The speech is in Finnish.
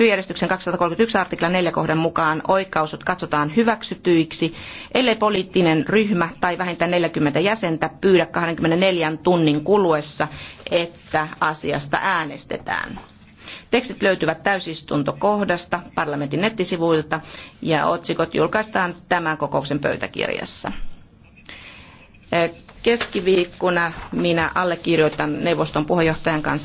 Työjärjestyksen 231 artiklan 4 kohdan mukaan oikaisut katsotaan hyväksytyiksi, ellei poliittinen ryhmä tai vähintään 40 jäsentä pyydä 24 tunnin kuluessa, että asiasta äänestetään. Tekstit löytyvät täysistuntokohdasta parlamentin nettisivuilta ja otsikot julkaistaan tämän kokouksen pöytäkirjassa. Keskiviikkona minä allekirjoitan neuvoston puheenjohtajan kanssa